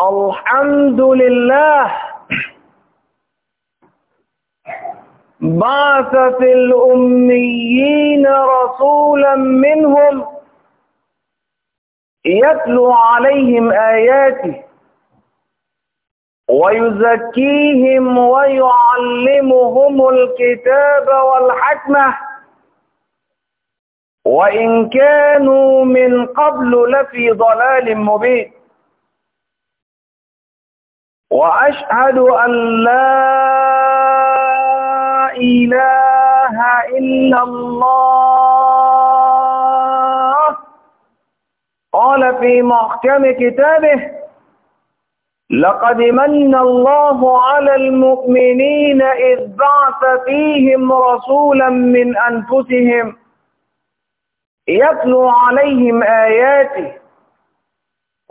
الحمد لله بعث في الأميين رسولا منهم يتلو عليهم آياته ويزكيهم ويعلمهم الكتاب والحكمة وإن كانوا من قبل لفي ضلال مبين وأشهد أن لا إله إلا الله قال في محكم كتابه لقد من الله على المؤمنين إذ بعث فيهم رسولا من أنفسهم يتلو عليهم آياته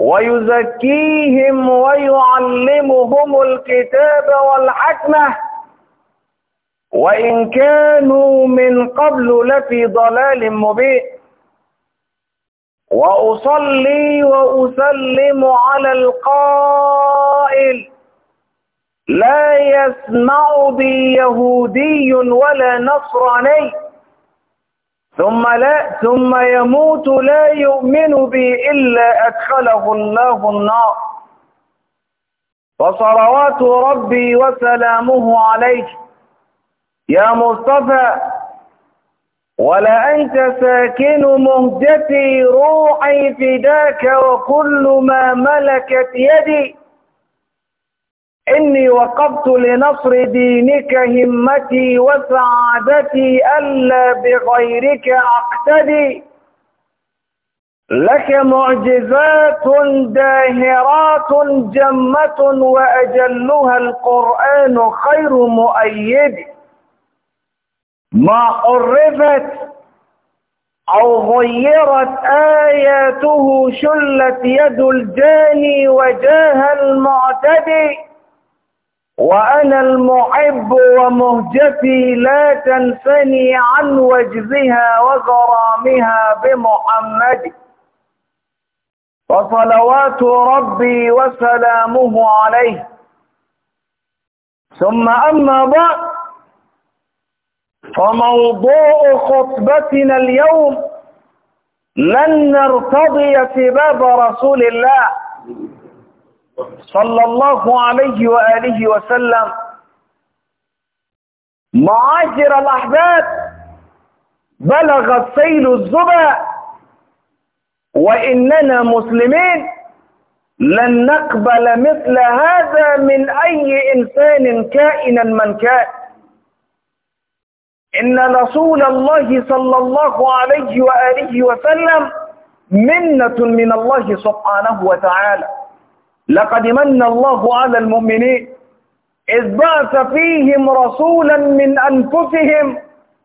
ويزكيهم ويعلمهم الكتاب والحكمة وإن كانوا من قبل لفي ضلال مبين وأصلي وأسلم على القائل لا يسمع بي يهودي ولا نصراني ثم لا ثم يموت لا يؤمن بي إلا أدخله الله النار وصلوات ربي وسلامه عليك يا مصطفى ولا أنت ساكن مهجتي روحي فداك وكل ما ملكت يدي إني وقفت لنصر دينك همتي وسعادتي ألا بغيرك أقتدي لك معجزات داهرات جمة وأجلها القرآن خير مؤيد ما عرفت أو غيرت آياته شلت يد الجاني وجاه المعتدي وأنا المحب ومهجتي لا تنسني عن وجزها وغرامها بمحمد وصلوات ربي وسلامه عليه ثم أما بعد فموضوع خطبتنا اليوم لن نرتضي سباب رسول الله صلى الله عليه وآله وسلم معاشر الأحداث بلغ سيل الزبا وإننا مسلمين لن نقبل مثل هذا من أي إنسان كائنا من كان إن رسول الله صلى الله عليه وآله وسلم منة من الله سبحانه وتعالى لقد من الله على المؤمنين إذ بعث فيهم رسولا من أنفسهم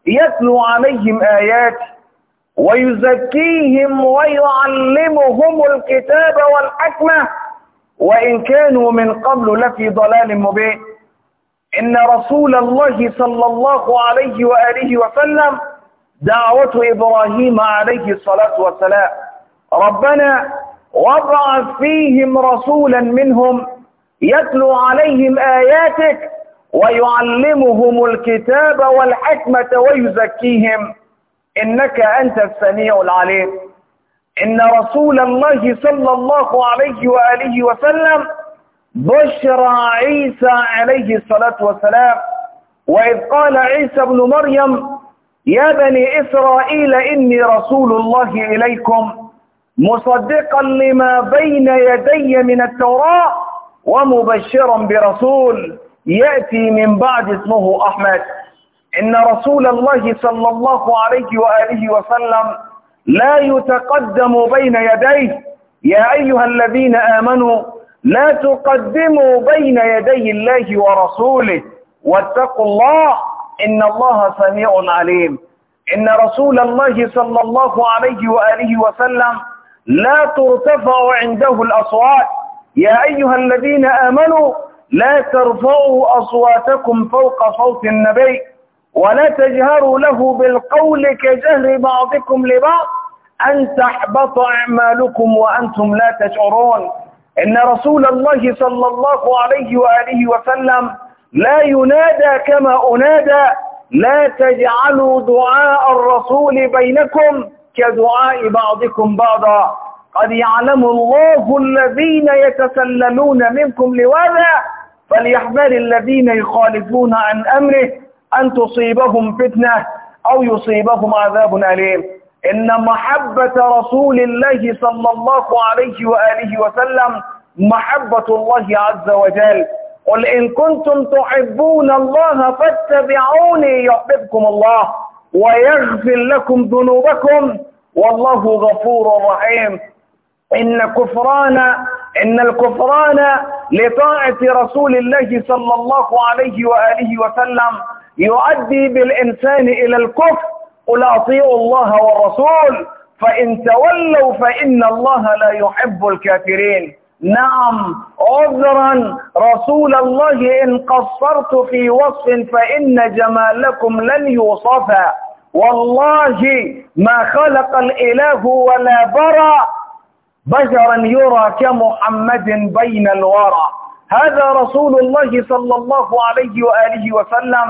يتلو عليهم آيات ويزكيهم ويعلمهم الكتاب والحكمة وإن كانوا من قبل لفي ضلال مبين إن رسول الله صلى الله عليه وآله وسلم دعوة إبراهيم عليه الصلاة والسلام ربنا وابعث فيهم رسولا منهم يتلو عليهم آياتك ويعلمهم الكتاب والحكمة ويزكيهم إنك أنت السميع العليم إن رسول الله صلى الله عليه وآله وسلم بشر عيسى عليه الصلاة والسلام وإذ قال عيسى بن مريم يا بني إسرائيل إني رسول الله إليكم مصدقا لما بين يدي من التوراة ومبشرا برسول يأتي من بعد اسمه أحمد إن رسول الله صلى الله عليه وآله وسلم لا يتقدم بين يديه يا أيها الذين آمنوا لا تقدموا بين يدي الله ورسوله واتقوا الله إن الله سميع عليم إن رسول الله صلى الله عليه وآله وسلم لا ترتفع عنده الأصوات يا أيها الذين آمنوا لا ترفعوا أصواتكم فوق صوت النبي ولا تجهروا له بالقول كجهر بعضكم لبعض أن تحبط أعمالكم وأنتم لا تشعرون إن رسول الله صلى الله عليه وآله وسلم لا ينادى كما أنادى لا تجعلوا دعاء الرسول بينكم كدعاء بعضكم بعضا قد يعلم الله الذين يتسللون منكم لواذا فليحذر الذين يخالفون عن أمره أن تصيبهم فتنة أو يصيبهم عذاب أليم إن محبة رسول الله صلى الله عليه وآله وسلم محبة الله عز وجل قل إن كنتم تحبون الله فاتبعوني يحببكم الله ويغفر لكم ذنوبكم والله غفور رحيم إن كفران إن الكفران لطاعة رسول الله صلى الله عليه وآله وسلم يؤدي بالإنسان إلى الكفر قل أطيعوا الله والرسول فإن تولوا فإن الله لا يحب الكافرين نعم عذرا رسول الله إن قصرت في وصف فإن جمالكم لن يوصفا والله ما خلق الإله ولا برى بشرا يرى كمحمد بين الورى هذا رسول الله صلى الله عليه وآله وسلم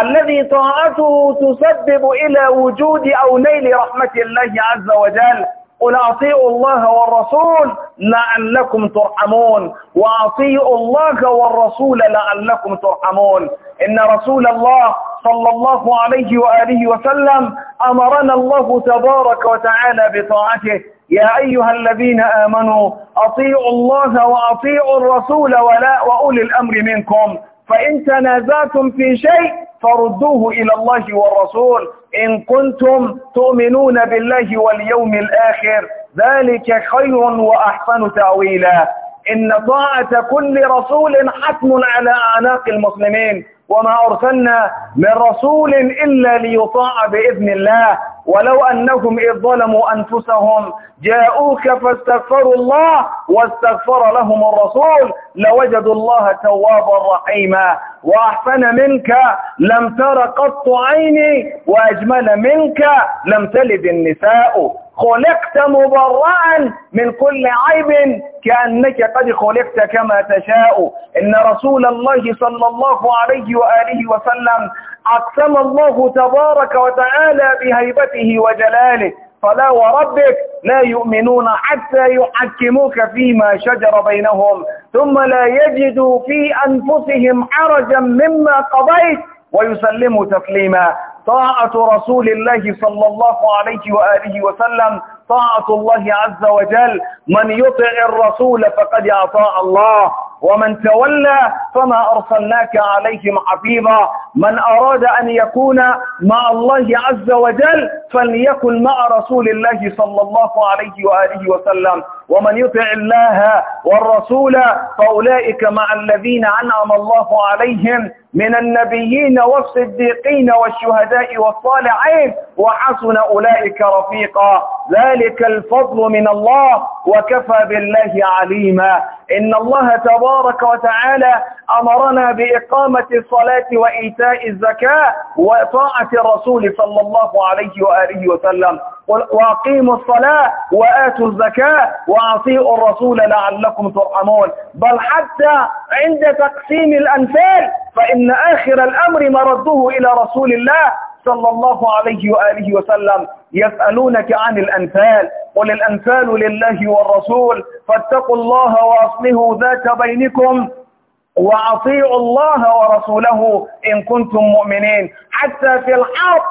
الذي طاعته تسبب إلى وجود أو نيل رحمة الله عز وجل قل أطيعوا الله والرسول لعلكم ترحمون وأطيعوا الله والرسول لعلكم ترحمون إن رسول الله صلى الله عليه وآله وسلم أمرنا الله تبارك وتعالى بطاعته يا أيها الذين آمنوا أطيعوا الله وأطيعوا الرسول ولا وأولي الأمر منكم فإن تنازعتم في شيء فردوه إلى الله والرسول إن كنتم تؤمنون بالله واليوم الآخر ذلك خير وأحسن تأويلا إن طاعة كل رسول حتم على أعناق المسلمين وما أرسلنا من رسول إلا ليطاع بإذن الله ولو أنهم إذ ظلموا أنفسهم جاءوك فاستغفروا الله واستغفر لهم الرسول لوجدوا الله توابا رحيما وأحسن منك لم تر قط عيني وأجمل منك لم تلد النساء خلقت مبرأ من كل عيب كأنك قد خلقت كما تشاء إن رسول الله صلى الله عليه وآله وسلم أقسم الله تبارك وتعالى بهيبته وجلاله فلا وربك لا يؤمنون حتى يحكموك فيما شجر بينهم ثم لا يجدوا في أنفسهم حرجا مما قضيت ويسلموا تسليما طاعة رسول الله صلى الله عليه وآله وسلم طاعة الله عز وجل من يطع الرسول فقد أطاع الله ومن تولى فما أرسلناك عليهم حفيظا من أراد أن يكون مع الله عز وجل فليكن مع رسول الله صلى الله عليه وآله وسلم ومن يطع الله والرسول فأولئك مع الذين أنعم الله عليهم من النبيين والصديقين والشهداء والصالحين وحسن أولئك رفيقا ذلك الفضل من الله وكفى بالله عليما إن الله تبارك وتعالى أمرنا بإقامة الصلاة وإيتاء الزكاة وطاعة الرسول صلى الله عليه وآله وسلم وأقيموا الصلاة وآتوا الزكاة وأطيعوا الرسول لعلكم ترحمون بل حتى عند تقسيم الأنفال فإن آخر الأمر مرده إلى رسول الله صلى الله عليه وآله وسلم يسألونك عن الأنفال قل الأنفال لله والرسول فاتقوا الله وأصلحوا ذات بينكم وأطيعوا الله ورسوله إن كنتم مؤمنين حتى في الحرب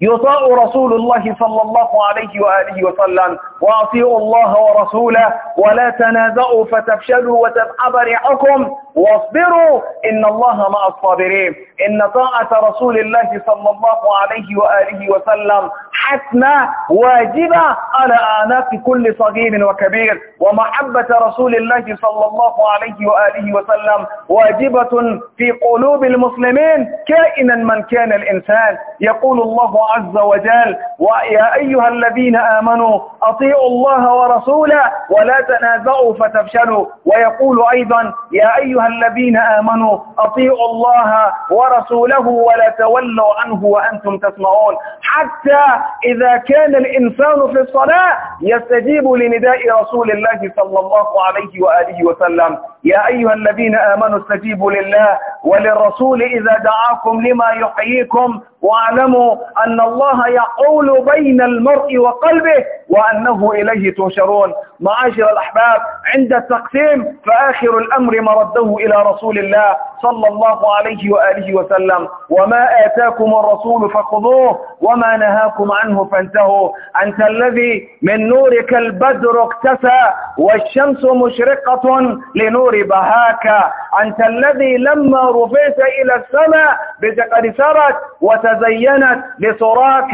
يطاع رسول الله صلى الله عليه وآله وسلم وأطيعوا الله ورسوله ولا تنازعوا فتفشلوا وتذهب ريحكم واصبروا إن الله مع الصابرين إن طاعة رسول الله صلى الله عليه وآله وسلم حتمة واجبة على أعناق كل صغير وكبير ومحبة رسول الله صلى الله عليه وآله وسلم واجبة في قلوب المسلمين كائنا من كان الإنسان يقول الله عز وجل ويا أيها الذين آمنوا أطيعوا الله ورسوله ولا تنازعوا فتفشلوا ويقول أيضا يا أيها أيها الذين آمنوا أطيعوا الله ورسوله ولا تولوا عنه وأنتم تسمعون حتى إذا كان الإنسان في الصلاة يستجيب لنداء رسول الله صلى الله عليه وآله وسلم يا أيها الذين آمنوا استجيبوا لله وللرسول إذا دعاكم لما يحييكم واعلموا أن الله يقول بين المرء وقلبه وأنه إليه تنشرون معاشر الأحباب عند التقسيم فآخر الأمر مرده إلى رسول الله صلى الله عليه وآله وسلم وما آتاكم الرسول فخذوه وما نهاكم عنه فانتهوا أنت الذي من نورك البدر اكتسى والشمس مشرقة لنور يغرب هاك أنت الذي لما رفعت إلى السماء بتقد سرت وتزينت لسراك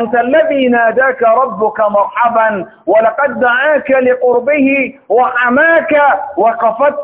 أنت الذي ناداك ربك مرحبا ولقد دعاك لقربه وحماك وقفت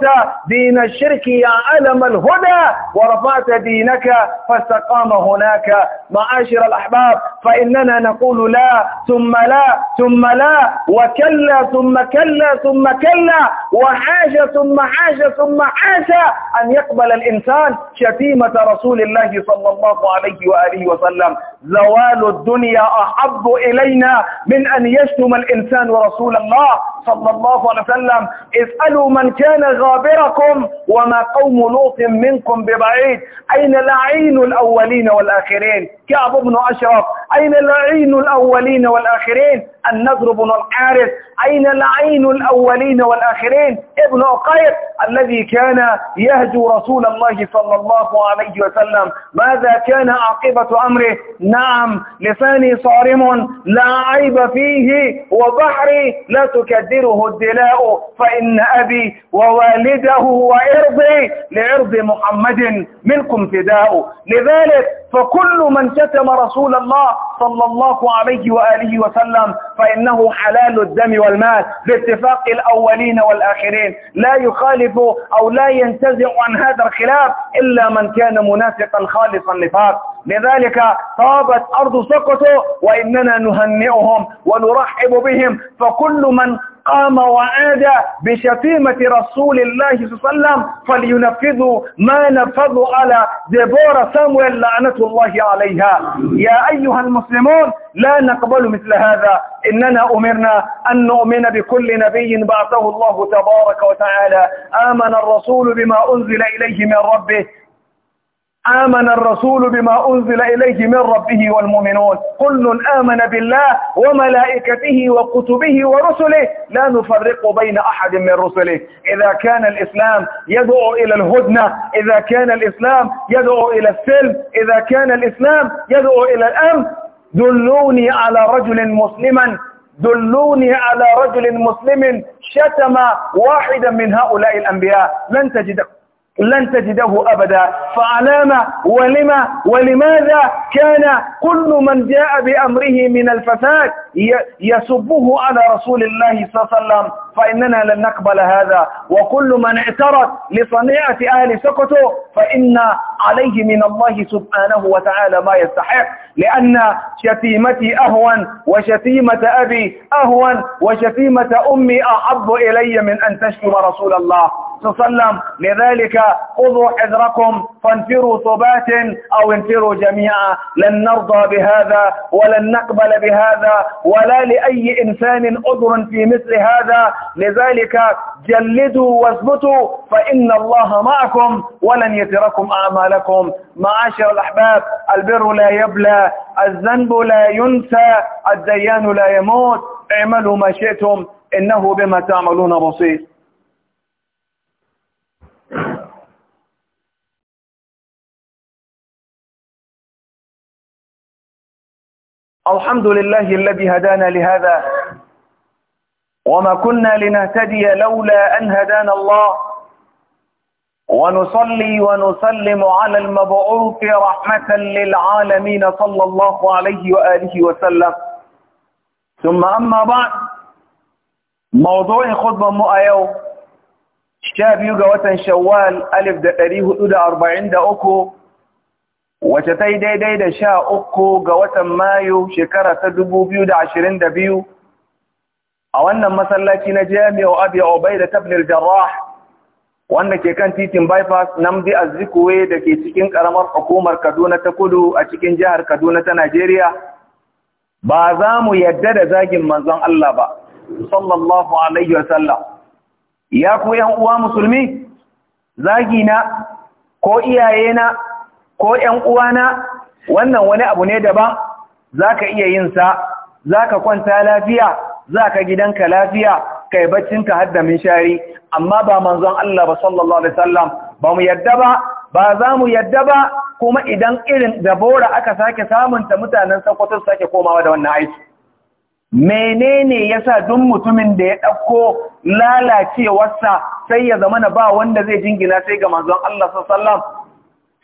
دين الشرك يا علم الهدى ورفعت دينك فاستقام هناك معاشر الأحباب فإننا نقول لا ثم لا ثم لا وكلا ثم كلا ثم كلا وحاجة ثم حاجة ثم حاجة أن يقبل الإنسان شتيمة رسول الله صلى الله عليه وآله وسلم زوال الدنيا أحب إلينا من أن يشتم الإنسان رسول الله صلى الله عليه وسلم اسألوا من كان غابركم وما قوم لوط منكم ببعيد أين لعين الأولين والآخرين كعب بن أشرف أين لعين الأولين والآخرين النضر بن الحارث أين العين الأولين والآخرين ابن أقيط الذي كان يهجو رسول الله صلى الله عليه وسلم ماذا كان عاقبة أمره نعم لساني صارم لا عيب فيه وبحري لا تكدره الدلاء فإن أبي ووالده وإرضي لعرض محمد منكم فداء لذلك فكل من شتم رسول الله صلى الله عليه وآله وسلم فإنه حلال الدم والمال باتفاق الأولين والآخرين لا يخالف أو لا ينتزع عن هذا الخلاف إلا من كان منافقا خالص النفاق لذلك طابت أرض سقطه وإننا نهنئهم ونرحب بهم فكل من قام وعاد بشتيمة رسول الله صلى الله عليه وسلم فلينفذوا ما نفذوا على ديبورا سامويل لعنة الله عليها يا أيها المسلمون لا نقبل مثل هذا إننا أمرنا أن نؤمن بكل نبي بعثه الله تبارك وتعالى آمن الرسول بما أنزل إليه من ربه آمن الرسول بما أنزل إليه من ربه والمؤمنون كل آمن بالله وملائكته وكتبه ورسله لا نفرق بين أحد من رسله إذا كان الإسلام يدعو إلى الهدنة إذا كان الإسلام يدعو إلى السلم إذا كان الإسلام يدعو إلى الأمن دلوني على رجل مسلما دلوني على رجل مسلم شتم واحدا من هؤلاء الأنبياء لن تجد لن تجده أبدا فعلام ولما ولماذا كان كل من جاء بأمره من الفساد يسبه على رسول الله صلى الله عليه وسلم فإننا لن نقبل هذا وكل من اعترض لصنيعة أهل سكته فإن عليه من الله سبحانه وتعالى ما يستحق لأن شتيمتي أهون وشتيمة أبي أهون وشتيمة أمي أحب إلي من أن تشتم رسول الله وسلم لذلك خذوا حذركم فانفروا ثبات أو انفروا جميعا لن نرضى بهذا ولن نقبل بهذا ولا لأي إنسان أذر في مثل هذا لذلك جلدوا واثبتوا فإن الله معكم ولن يتركم أعمالكم معاشر الأحباب البر لا يبلى الذنب لا ينسى الديان لا يموت اعملوا ما شئتم إنه بما تعملون بصير الحمد لله الذي هدانا لهذا وما كنا لنهتدي لولا أن هدانا الله ونصلي ونسلم على المبعوث رحمة للعالمين صلى الله عليه وآله وسلم ثم أما بعد موضوع خطبة مؤيو شاب يوجا وتن شوال ألف دا أدى أربعين دا wace ta yi daidai da sha uku ga watan mayu shekara ta dubu biyu da ashirin da biyu a wannan masallaci na jami'o abu ya obai da tabnil jarrah wanda ke kan titin bypass namdi azikuwe da ke cikin karamar hukumar kaduna ta kudu a cikin jihar kaduna ta najeriya ba za mu yadda da zagin manzon allah ba sallallahu alaihi wasallam ya ku yan uwa musulmi zagina ko iyayena ko ‘yan uwana wannan wani abu ne daban za ka iya yin sa za ka kwanta lafiya za ka gidanka lafiya kai baccinka har da shari amma ba manzon Allah ba sallallahu alaihi wasallam ba mu yadda ba ba za mu yadda ba kuma idan irin dabora aka sake samunta mutanen Sokoto sake komawa da wannan aiki menene yasa duk mutumin da ya ɗauko lalacewarsa sai ya zama na ba wanda zai jingina sai ga manzon Allah sallallahu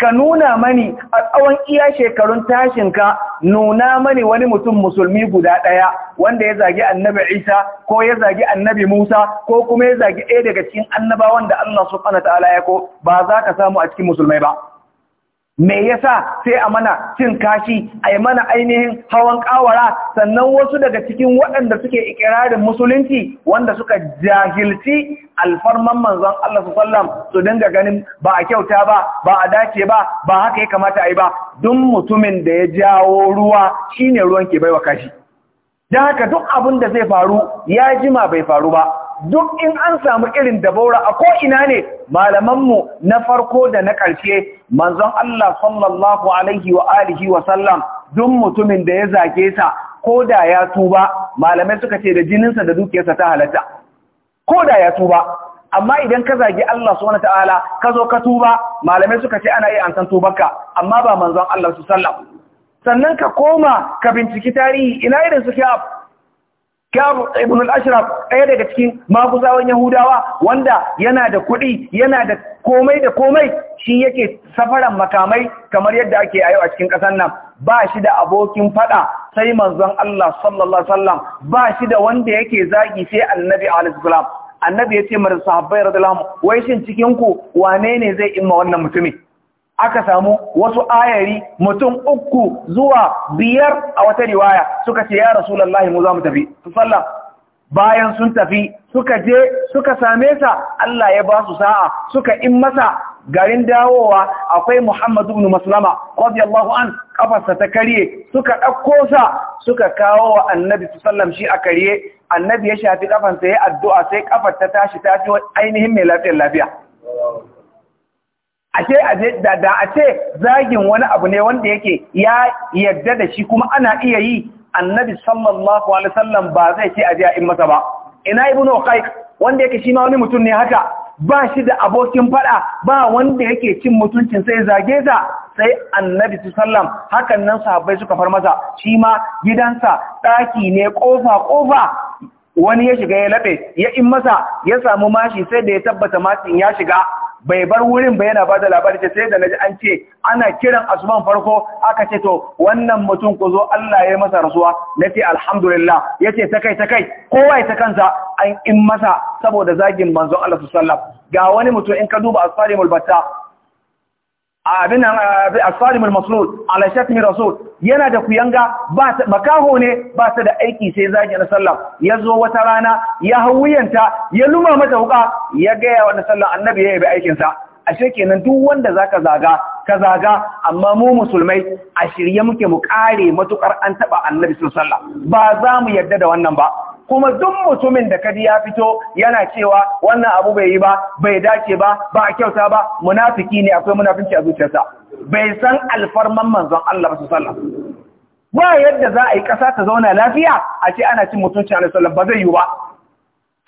ka nuna mani a tsawon iya shekarun tashinka nuna mani wani mutum musulmi guda ɗaya wanda ya zagi annabi isa ko ya zagi annabi musa ko kuma ya zagi ɗaya daga cikin annabawan da allah subhanahu ta'ala ya ko ba za ka samu a cikin musulmai ba me yasa sai a mana cin kashi a yi mana ainihin hawan ƙawara sannan wasu daga cikin waɗanda suke ikirarin musulunci wanda suka jahilci alfarman manzon Allah su sallam su dinga ganin ba a kyauta ba ba a dace ba ba haka ya kamata a yi ba duk mutumin da ya jawo ruwa shine ruwan ke baiwa kashi don haka duk abin da zai faru ya jima bai faru ba duk in an samu irin dabaura a ko'ina ne malamanmu na farko da na ƙarshe manzon Allah sallallahu Alaihi wa alihi wa sallam duk mutumin da ya zage sa ko da ya tuba malamai suka ce da jininsa da dukiyarsa ta halatta ko da ya tuba amma idan ka zage Allah wani ta'ala ka zo ka tuba malamai suka ce ana iya an san tubarka amma ba manzon Allah su sallam sannan ka koma ka binciki tarihi ina irin su kyaf Karu ibn al-Ashraf ɗaya daga cikin maguzawan Yahudawa wanda yana da kuɗi yana da komai da komai shi yake safaran makamai kamar yadda ake a yau a cikin ƙasar nan ba shi da abokin faɗa sai manzon Allah sallallahu alaihi ba shi da wanda yake zagi sai annabi alaihi annabi ya ce mar sahabbai radiyallahu wai shin cikin ku wane ne zai imma wannan mutumin aka samu wasu ayari mutum uku zuwa biyar a wata riwaya suka ce ya rasulullahi mu za mu tafi sallah bayan sun tafi suka je suka same sa Allah ya ba su sa'a suka in masa garin dawowa akwai Muhammadu ibn Maslama radiyallahu an kafarsa ta kariye suka ɗauko sa suka kawo wa Annabi sallam shi a kariye Annabi ya shafi kafansa ya addu'a sai kafar ta tashi ta fi ainihin mai lafiyar lafiya aje da da a ce zagin wani abu ne wanda yake ya yarda da shi kuma ana iya yi annabi sallallahu alaihi wasallam ba zai ce aje a in ba ina ibnu qayyim wanda yake shi ma wani mutum ne haka ba shi da abokin fada ba wanda yake cin mutuncin sai zage sa sai annabi sallam hakan nan sahabbai suka far masa shi ma gidansa daki ne kofa kofa wani ya shiga ya labe ya in masa ya samu mashi sai da ya tabbata mashin ya shiga bai bar wurin ba yana bada labari ce sai da naji an ce ana kiran asuban farko aka ce to wannan mutum ku zo Allah ya masa rasuwa na ce alhamdulillah ce ta kai ta kai kowa ya ta kansa an in masa saboda zagin manzon Allah ga wani mutum in ka duba asfarimul batta abin asalimul eh, maslul ala shatmi rasul yana da kuyanga makaho ne ba ta da aiki sai zagi na sallam ya zo wata rana ya wuyanta ya luma mata wuƙa ya gaya wa na sallam annabi ya yi aikinsa ashe kenan duk wanda zaka zaga ka zaga amma mu musulmai a shirye muke mu kare matukar an taba annabi sallallahu alaihi ba za mu yarda da wannan ba kuma duk mutumin da kadi ya fito yana cewa wannan abu bai yi ba bai dace ba ba a kyauta ba munafiki ne akwai munafinci a zuciyarsa bai san alfarman manzon Allah sallallahu alaihi ba yadda za a yi kasa ta zauna lafiya a ce ana cin mutunci a sallallahu ba zai yi ba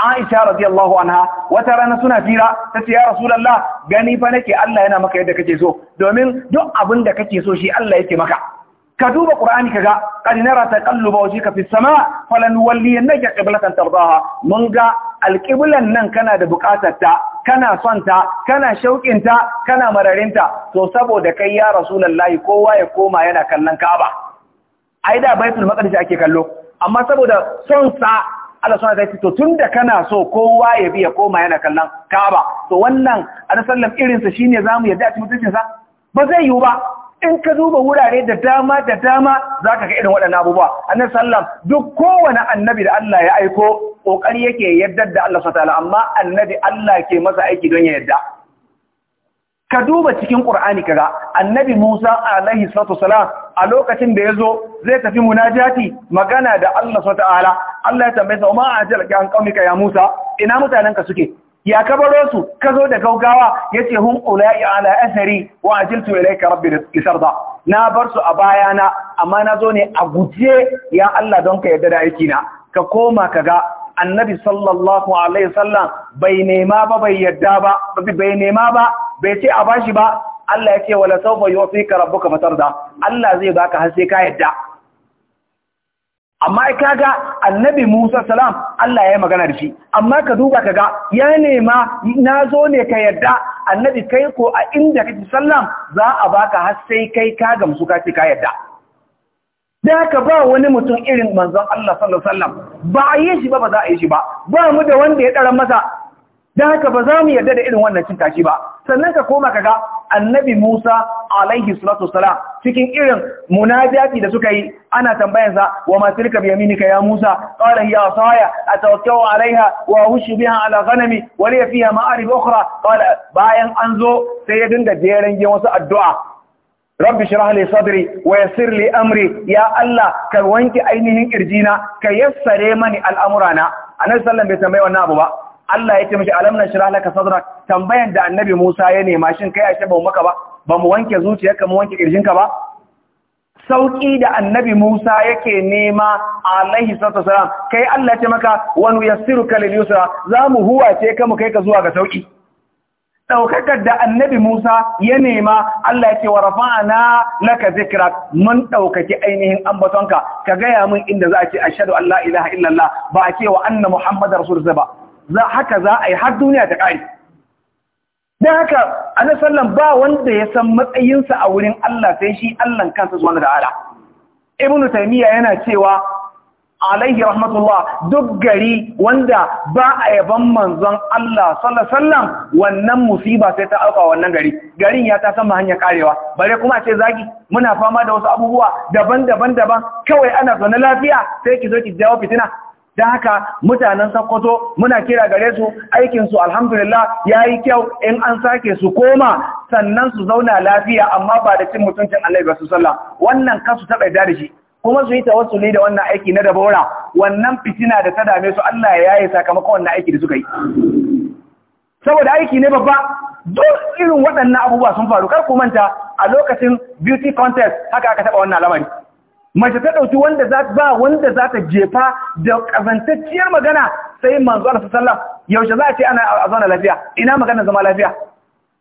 Aisha radiyallahu anha wata rana suna fira ta ce ya Rasulullah gani fa nake Allah yana maka yadda kake so domin duk abin da kake so shi Allah yake maka ka duba Qur'ani kaga qad nara taqalluba wajhika fis sama falanwalliyannaka qiblatan tardaha mun ga alqiblan nan kana da bukatar ta kana son ta kana shaukin ta kana mararinta to saboda kai ya Rasulullah kowa ya koma yana kallon Ka'aba ai da Baitul Maqdis ake kallo amma saboda son sa Allah suna zai to tun da kana so kowa ya biya koma yana kallon kaba to wannan a sallam irinsa shi ne za mu yadda a cikin mutuncinsa ba zai yiwu ba in ka zuba wurare da dama da dama za ka ga irin waɗannan abubuwa annan sallam duk kowane annabi da Allah ya aiko ƙoƙari yake yadda da Allah suna amma annabi Allah ke masa aiki don ya yadda ka duba cikin ƙur'ani kaga annabi musa alaihi salatu salam a lokacin da ya zo zai tafi munajati magana da Allah SWT Allah ya tambaye sa umma ajalaka an ya Musa ina mutanen ka suke ya ka baro su ka zo da gaugawa ce hun ulai ala asari wa ajiltu ka rabbi ba na bar su a bayana amma na zo ne a guje ya Allah don ka yarda da aiki na ka koma ka ga annabi sallallahu alaihi wasallam bai nema ba bai yadda ba bai nema ba bai ce a bashi ba Allah ya ce wala sawfa yu'tika rabbuka da. Allah zai baka har ka yadda amma ai kaga annabi Musa salam Allah ya yi magana da shi amma ka duba kaga ya nema nazo ne ka yadda annabi kai ko a inda kake sallam za a baka har kai ka gamsu ka ce ka yadda da ka ba wani mutum irin manzon Allah sallallahu alaihi wasallam ba a yi shi ba ba za a yi shi ba ba mu da wanda ya dara masa Da haka ba za mu yarda da irin wannan cin kashi ba sannan ka koma kaga annabi Musa alaihi salatu wassalam cikin irin munajati da suka yi ana tambayansa wa ma tilka bi yaminika ya Musa qala hiya asaya atawakkau alaiha wa hushu biha ala ghanami wa li fiha ma'arib ukhra qala bayan an zo sai ya dinga jeran gen wasu addu'a rabbi shirah li sadri wa yassir li amri ya Allah ka wanke ainihin kirjina ka yassare mani al'amurana annabi sallallahu alaihi wasallam bai tambaye wannan abu ba Allah ya ce mishi alam nashrah laka sadrak tambayan da annabi Musa ya nema shin kai ashe ba maka ba ba mu wanke zuciyarka mu wanke kirjinka ba sauki da annabi Musa yake nema alaihi salatu wasalam kai Allah ya ce maka wa nuyassiruka lil yusra zamu huwace ka mu kai ka zuwa ga sauki daukakar da annabi Musa ya nema Allah ya ce wa rafa'ana laka zikrak mun daukaki ainihin ambatonka ka gaya mun inda za a ce ashhadu an la ilaha illallah ba a ce wa anna muhammadar rasulullah ba za haka za a yi har duniya ta ƙari don haka a sallan ba wanda ya san matsayinsa a wurin Allah sai shi Allahn kansa zuwa da ala Ibn taymiya yana cewa alaihi rahmatullah duk gari wanda ba a yaban manzon Allah sallallahu wannan musiba sai ta auka wannan gari garin ya ta ma hanyar karewa bare kuma ce zagi muna fama da wasu abubuwa daban-daban daban kawai ana zaune lafiya sai ki zo ki jawo fitina don haka mutanen sakkwato muna kira gare su aikinsu alhamdulillah ya yi kyau in an sake su koma sannan su zauna lafiya amma ba da cin mutuncin Allah ba su sallah wannan kasu taɓa da shi kuma su yi tawassuli da wannan aiki na dabora wannan fitina da ta dame su Allah ya yi sakamakon wannan aiki da suka yi saboda aiki ne babba duk irin waɗannan abubuwa sun faru kar ku manta a lokacin beauty contest haka aka taɓa wannan lamari mace ta ɗauki wanda za ba wanda za ta jefa da ƙazantacciyar magana sai manzo Allah sallam yaushe za a ce ana a zauna lafiya ina magana zama lafiya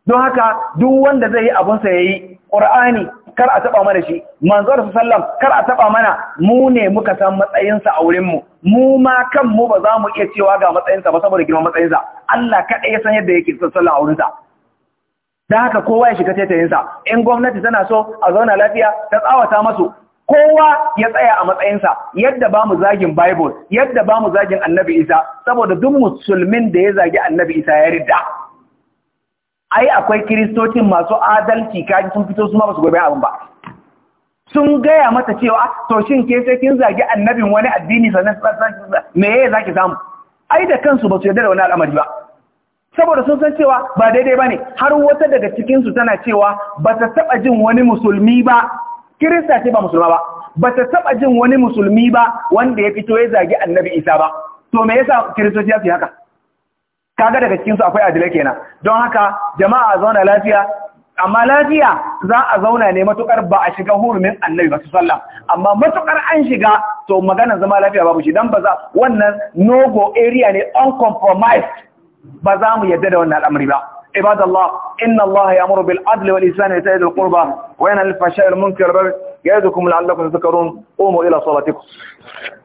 don haka duk wanda zai yi abun sa yayi ƙur'ani kar a taba mana shi manzo Allah sallam kar a taba mana mu ne muka san matsayinsa a wurin mu mu ma kan mu ba za mu iya cewa ga matsayin ba saboda girman matsayin sa Allah kaɗai ya san yadda yake sallallahu a wurin sa da haka kowa ya shiga taitayin sa in gwamnati tana so a zauna lafiya ta tsawata masu kowa ya tsaya a matsayinsa yadda ba mu zagin bible yadda ba mu zagin annabi isa saboda duk musulmin da ya zagi annabi isa ya rida ai akwai kiristocin masu adalci kaji sun fito su ma ba su gobe abin ba sun gaya mata cewa to shin ke sai kin zagi annabin wani addini sannan me yaya zaki samu ai da kansu ba su yarda da wani al'amari ba saboda sun san cewa ba daidai ba ne, har wata daga cikinsu tana cewa ba ta taba jin wani musulmi ba kirista ce ba musulma ba ba ta taba jin wani musulmi ba wanda ya fito ya zagi annabi isa ba to me yasa kiristoci ya fi haka kaga daga cikin su akwai adilai kenan don haka jama'a zauna lafiya amma lafiya za a zauna ne matukar ba a shiga hurumin annabi ba su sallah, amma matukar an shiga to maganar zama lafiya babu shi dan ba za wannan no area ne uncompromised ba za mu yadda da wannan al'amari ba عباد الله إن الله يأمر بالعدل والإحسان وإيتاء ذي القربى وينهى عن الفحشاء والمنكر يعظكم لعلكم تذكرون قوموا إلى صلاتكم